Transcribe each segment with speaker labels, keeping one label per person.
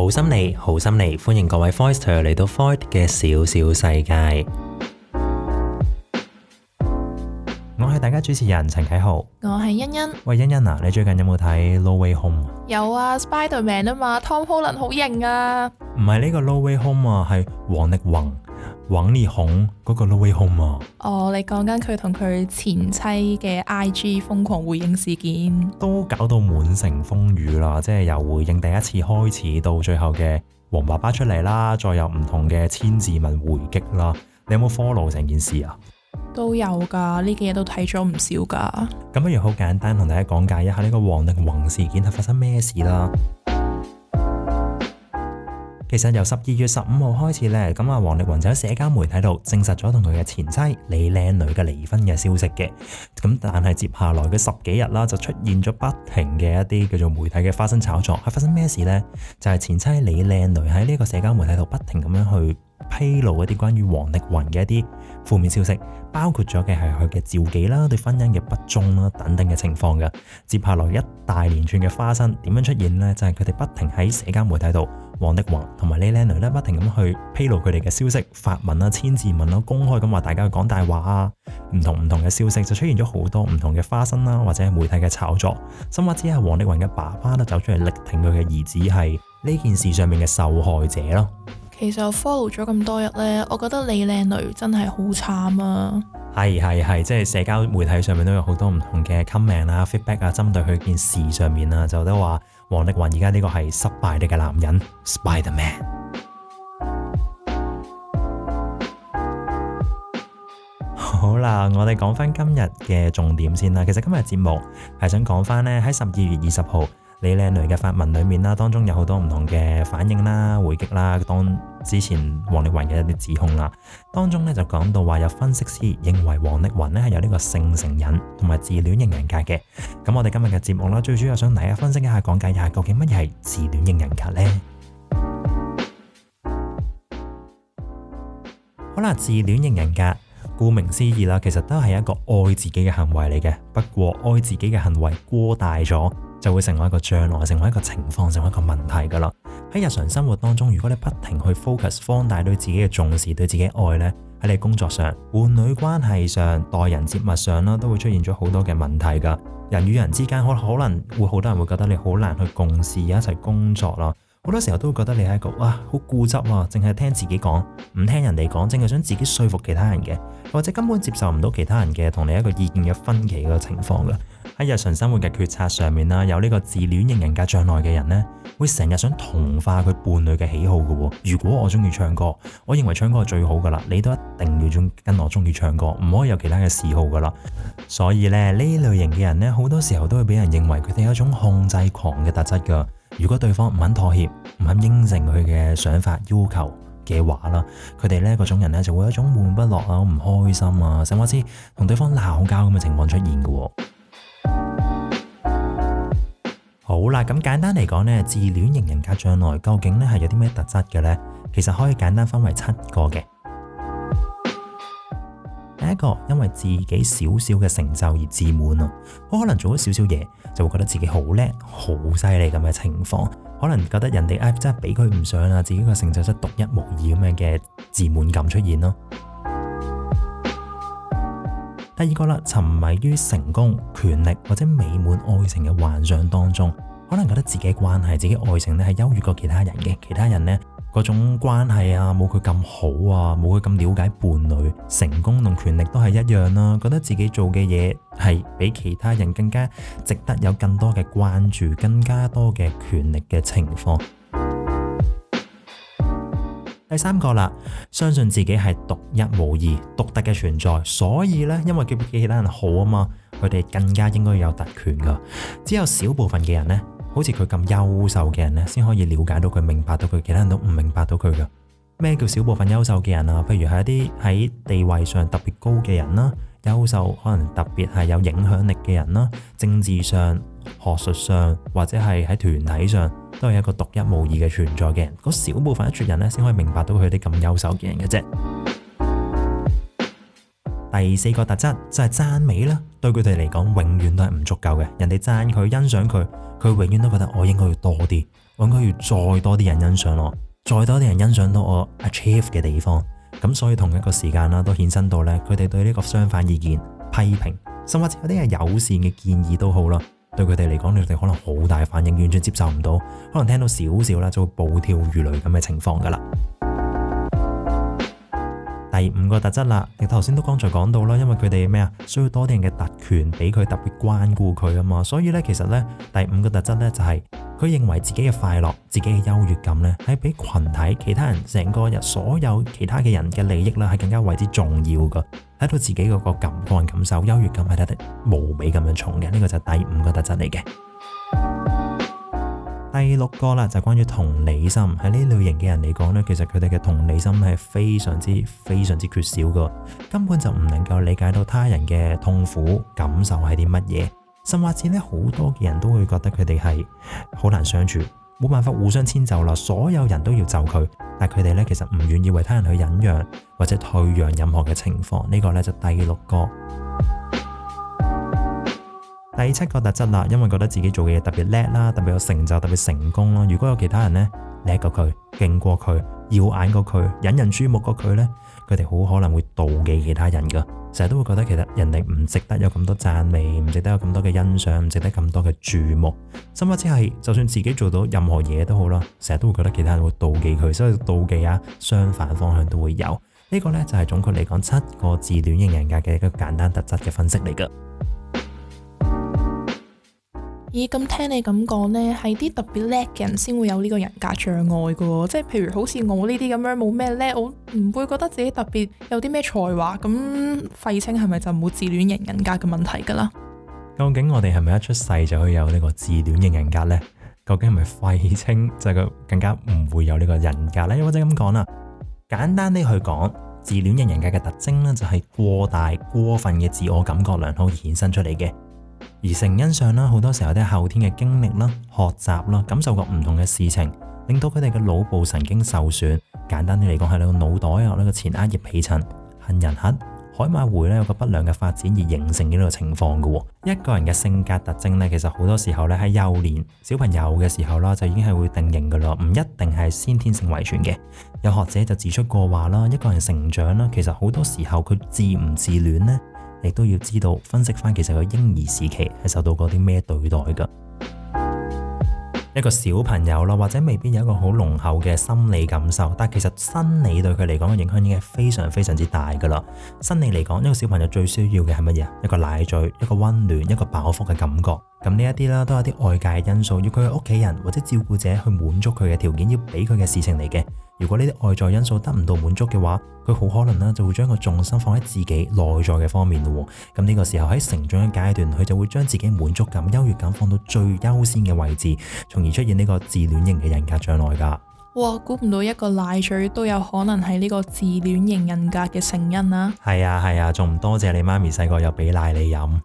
Speaker 1: 好心理，好心理。歡迎各位 Foyster 嚟到 Void 嘅小小世界。我係大家主持人陳棨豪，
Speaker 2: 我係欣欣。
Speaker 1: 喂，欣欣啊，你最近有冇睇《No Way Home》？
Speaker 2: 有啊，Sp《Spider Man》啊嘛，Tom Holland 好型啊。
Speaker 1: 唔係呢個《No Way Home》啊，係王力宏。王力宏嗰個 No Way Home
Speaker 2: 啊哦，你講緊佢同佢前妻嘅 I G 瘋狂回應事件，都
Speaker 1: 搞到滿城風雨啦，即係由回應第一次開始到最後嘅王爸爸出嚟啦，再有唔同嘅千字文回擊啦，你有冇 follow 成件事啊？
Speaker 2: 都有噶，呢幾嘢都睇咗唔少噶。
Speaker 1: 咁不如好簡單同大家講解一下呢個王力宏事件係發生咩事啦？其實由十二月十五號開始咧，咁啊，王力宏就喺社交媒體度證實咗同佢嘅前妻李靚蕾嘅離婚嘅消息嘅。咁但係接下來嘅十幾日啦，就出現咗不停嘅一啲叫做媒體嘅花生炒作，係發生咩事呢？就係、是、前妻李靚蕾喺呢個社交媒體度不停咁樣去披露一啲關於王力宏嘅一啲負面消息，包括咗嘅係佢嘅召妓啦、對婚姻嘅不忠啦等等嘅情況嘅。接下來一大連串嘅花生點樣出現呢？就係佢哋不停喺社交媒體度。王力宏同埋呢靚女咧，不停咁去披露佢哋嘅消息、發文啊、千字文咯、啊，公開咁話大家去講大話啊，唔同唔同嘅消息就出現咗好多唔同嘅花生啦、啊，或者係媒體嘅炒作，甚至係王力宏嘅爸爸都走出嚟力挺佢嘅兒子，係呢件事上面嘅受害者咯。
Speaker 2: 其實我 follow 咗咁多日呢，我覺得李靚蕾真係好慘啊！
Speaker 1: 係係係，即係社交媒體上面都有好多唔同嘅 comment 啊、feedback 啊，針對佢件事上面啊，就都話王力宏而家呢個係失敗嘅男人 Spider Man。 好啦，我哋講翻今日嘅重點先啦。其實今日節目係想講翻呢，喺十二月二十號。李靚蕾嘅發文裏面啦，當中有好多唔同嘅反應啦、回擊啦。當之前王力宏嘅一啲指控啦，當中呢就講到話有分析師認為王力宏呢係有呢個性成癮同埋自戀型人格嘅。咁我哋今日嘅節目啦，最主要想大家分析一下，講解一下究竟乜嘢係自戀型人格呢？好啦，自戀型人格。顧名思義啦，其實都係一個愛自己嘅行為嚟嘅。不過愛自己嘅行為過大咗，就會成為一個將來，成為一個情況，成為一個問題㗎喇。喺日常生活當中，如果你不停去 focus 放大對自己嘅重視，對自己嘅愛呢，喺你工作上、伴侶關係上、待人接物上啦，都會出現咗好多嘅問題㗎。人與人之間可可能會好多人會覺得你好難去共事啊，一齊工作啦。好多時候都會覺得你係一個哇好固執啊，淨係聽自己講，唔聽人哋講，淨係想自己說服其他人嘅，或者根本接受唔到其他人嘅同你一個意見嘅分歧嘅情況嘅。喺日常生活嘅決策上面啦，有呢個自戀型人格障礙嘅人呢，會成日想同化佢伴侶嘅喜好嘅哦。如果我中意唱歌，我認為唱歌係最好噶啦，你都一定要中跟我中意唱歌，唔可以有其他嘅嗜好噶啦。所以咧呢類型嘅人呢，好多時候都會俾人認為佢哋有一種控制狂嘅特質噶。如果對方唔肯妥協、唔肯應承佢嘅想法、要求嘅話啦，佢哋呢嗰種人咧就會有一種悶不樂啊、唔開心啊、甚至同對方鬧交咁嘅情況出現嘅。 好啦，咁簡單嚟講咧，自戀型人格障礙究竟咧係有啲咩特質嘅呢？其實可以簡單分為七個嘅。第一個，因為自己少少嘅成就而自滿咯，佢可能做咗少少嘢就會覺得自己好叻、好犀利咁嘅情況，可能覺得人哋唉、哎、真係比佢唔上啊，自己個成就真係獨一無二咁樣嘅自滿感出現咯。第二個啦，沉迷於成功、權力或者美滿愛情嘅幻想當中，可能覺得自己關係、自己愛情咧係優越過其他人嘅，其他人呢，嗰種關係啊，冇佢咁好啊，冇佢咁了解伴侶，成功同權力都係一樣啦。覺得自己做嘅嘢係比其他人更加值得有更多嘅關注，更加多嘅權力嘅情況。第三個啦，相信自己係獨一無二、獨特嘅存在，所以呢，因為佢比其他人好啊嘛，佢哋更加應該有特權噶。只有少部分嘅人呢。好似佢咁優秀嘅人呢，先可以了解到佢，明白到佢，其他人都唔明白到佢㗎。咩叫小部分優秀嘅人啊？譬如係一啲喺地位上特別高嘅人啦，優秀可能特別係有影響力嘅人啦，政治上、學術上或者係喺團體上都係一個獨一無二嘅存在嘅人。嗰小部分一撮人呢，先可以明白到佢啲咁優秀嘅人嘅啫。第四個特質就係讚美啦，對佢哋嚟講永遠都係唔足夠嘅。人哋讚佢、欣賞佢，佢永遠都覺得我應該要多啲，我應該要再多啲人欣賞我，再多啲人欣賞到我 achieve 嘅地方。咁所以同一個時間啦，都衍生到咧，佢哋對呢個相反意見、批評，甚至有啲係友善嘅建議都好啦，對佢哋嚟講，你哋可能好大反應，完全接受唔到，可能聽到少少啦就會暴跳如雷咁嘅情況噶啦。第五個特質啦，你頭先都剛才講到啦，因為佢哋咩啊，需要多啲人嘅特權俾佢特別關顧佢啊嘛，所以咧其實咧第五個特質咧就係、是、佢認為自己嘅快樂、自己嘅優越感咧係比群體其他人成個人所有其他嘅人嘅利益咧係更加為之重要噶，睇到自己嗰個感覺感受、優越感係特別無比咁樣重嘅，呢、這個就第五個特質嚟嘅。第六個啦，就關於同理心喺呢類型嘅人嚟講呢，其實佢哋嘅同理心係非常之非常之缺少噶，根本就唔能夠理解到他人嘅痛苦感受係啲乜嘢，甚或者呢，好多嘅人都會覺得佢哋係好難相處，冇辦法互相遷就啦，所有人都要就佢，但佢哋呢，其實唔願意為他人去忍讓或者退讓任何嘅情況，呢、呢個呢，就第六個。第七個特質啦，因為覺得自己做嘅嘢特別叻啦，特別有成就，特別成功咯。如果有其他人呢，叻過佢，勁過佢，耀眼過佢，引人注目過佢呢，佢哋好可能會妒忌其他人噶。成日都會覺得其實人哋唔值得有咁多讚美，唔值得有咁多嘅欣賞，唔值得咁多嘅注目。甚至係就算自己做到任何嘢都好啦，成日都會覺得其他人會妒忌佢，所以妒忌啊，相反方向都會有。呢個呢，就係總括嚟講七個自戀型人格嘅一個簡單特質嘅分析嚟噶。
Speaker 2: 咦，咁、嗯、聽你咁講呢，係啲特別叻嘅人先會有呢個人格障礙噶，即係譬如好似我呢啲咁樣冇咩叻，我唔會覺得自己特別有啲咩才華，咁廢青係咪就冇自戀型人、人格嘅問題噶啦？
Speaker 1: 究竟我哋係咪一出世就可以有呢個自戀型人格呢？究竟係咪廢青就係更加唔會有呢個人格咧？或者咁講啦，簡單啲去講，自戀型人、人格嘅特徵呢，就係過大過分嘅自我感覺良好衍生出嚟嘅。而成因上啦，好多時候都係後天嘅經歷啦、學習啦、感受過唔同嘅事情，令到佢哋嘅腦部神經受損。簡單啲嚟講，係你個腦袋啊、呢個前額葉皮層、杏仁核、海馬回咧有個不良嘅發展而形成嘅呢個情況嘅。一個人嘅性格特徵呢，其實好多時候呢，喺幼年小朋友嘅時候啦，就已經係會定型㗎喇，唔一定係先天性遺傳嘅。有學者就指出過話啦，一個人成長啦，其實好多時候佢自唔自戀呢？亦都要知道分析翻，其實佢嬰兒時期係受到過啲咩對待嘅。一個小朋友啦，或者未必有一個好濃厚嘅心理感受，但其實生理對佢嚟講嘅影響已經係非常非常之大噶啦。生理嚟講，呢個小朋友最需要嘅係乜嘢？一個奶嘴，一個溫暖，一個飽腹嘅感覺。咁呢一啲啦，都有啲外界因素，要佢屋企人或者照顧者去滿足佢嘅條件，要俾佢嘅事情嚟嘅。如果呢啲外在因素得唔到滿足嘅話，佢好可能呢就會將個重心放喺自己內在嘅方面咯。咁呢個時候喺成長嘅階段，佢就會將自己滿足感、優越感放到最優先嘅位置，從而出現呢個自戀型嘅人格障礙噶。
Speaker 2: 哇，估唔到一個奶嘴都有可能係呢個自戀型人格嘅成因啊！
Speaker 1: 係啊係啊，仲唔多謝你媽咪細個又俾奶你飲。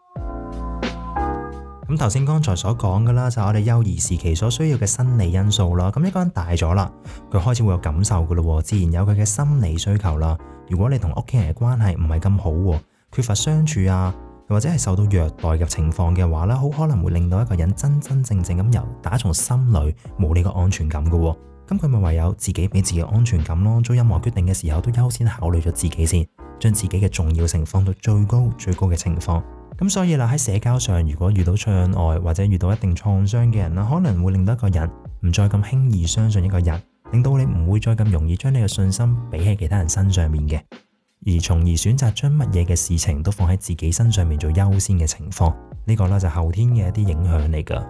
Speaker 1: 咁頭先剛才所講噶啦，就我哋幼兒時期所需要嘅生理因素啦。咁一個人大咗啦，佢開始會有感受噶咯，自然有佢嘅心理需求啦。如果你同屋企人嘅關係唔係咁好，缺乏相處啊，或者係受到虐待嘅情況嘅話呢，好可能會令到一個人真真正正咁由打從心裏冇呢個安全感噶。咁佢咪唯有自己俾自己安全感咯。做任何決定嘅時候都優先先考慮咗自己先，將自己嘅重要性放到最高最高嘅情況。咁所以啦，喺社交上，如果遇到障礙或者遇到一定創傷嘅人啦，可能會令到一個人唔再咁輕易相信一個人，令到你唔會再咁容易將你嘅信心俾喺其他人身上面嘅，而從而選擇將乜嘢嘅事情都放喺自己身上面做優先嘅情況，呢、這個咧就後天嘅一啲影響嚟噶。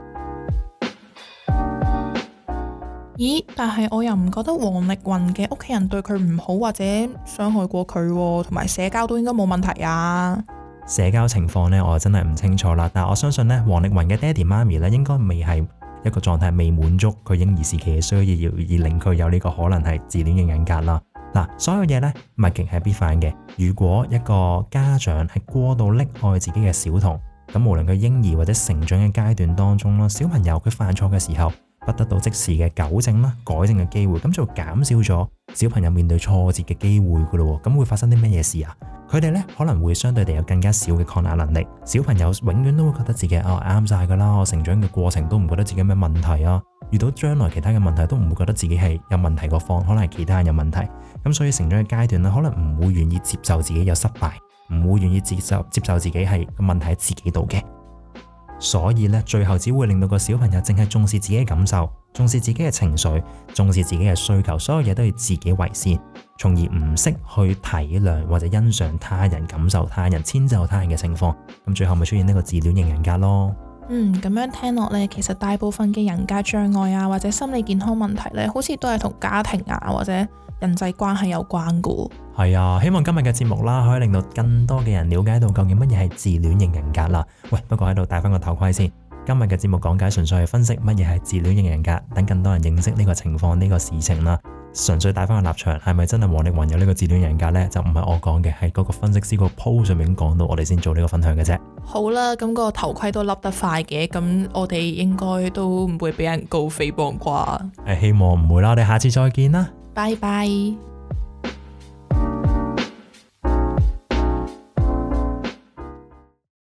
Speaker 2: 咦？但係我又唔覺得王力宏嘅屋企人對佢唔好或者傷害過佢，同埋社交都應該冇問題啊。
Speaker 1: 社交情況咧，我真係唔清楚啦。但係我相信咧，王力宏嘅爹哋媽咪咧，應該未係一個狀態，未滿足佢嬰兒時期嘅需要，而而令佢有呢個可能係自戀嘅人格啦。嗱、啊，所有嘢咧，物極係必反嘅。如果一個家長係過度溺愛自己嘅小童，咁無論佢嬰兒或者成長嘅階段當中啦，小朋友佢犯錯嘅時候，不得到即時嘅糾正啦、改正嘅機會，咁就減少咗。小朋友面對挫折嘅機會噶咯，咁會發生啲咩嘢事啊？佢哋呢可能會相對地有更加少嘅抗壓能力。小朋友永遠都會覺得自己哦啱晒噶啦，我成長嘅過程都唔覺得自己有咩問題啊。遇到將來其他嘅問題都唔會覺得自己係有問題個方，可能係其他人有問題。咁所以成長嘅階段呢，可能唔會願意接受自己有失敗，唔會願意接受接受自己係問題喺自己度嘅。所以咧，最後只會令到個小朋友淨係重視自己嘅感受，重視自己嘅情緒，重視自己嘅需求，所有嘢都要自己為先，從而唔識去體諒或者欣賞他人、感受他人、遷就他人嘅情況，咁最後咪出現呢個自戀型人格咯。嗯，
Speaker 2: 咁樣聽落咧，其實大部分嘅人格障礙啊，或者心理健康問題咧，好似都係同家庭啊或者人際關係有關噶。
Speaker 1: 係啊，希望今日嘅節目啦，可以令到更多嘅人了解到究竟乜嘢係自戀型人格啦。喂，不過喺度戴翻個頭盔先。今日嘅節目講解純粹係分析乜嘢係自戀型人格，等更多人認識呢個情況呢個事情啦。純粹戴翻個立場，係咪真係王力宏有呢個自戀人格呢？就唔係我講嘅，係嗰個分析師個 post 上面講到，我哋先做呢個分享嘅啫。
Speaker 2: 好啦，咁個頭盔都笠得快嘅，咁我哋應該都唔會俾人告誹謗啩。
Speaker 1: 誒，希望唔會啦。我哋下次再見啦。
Speaker 2: 拜拜。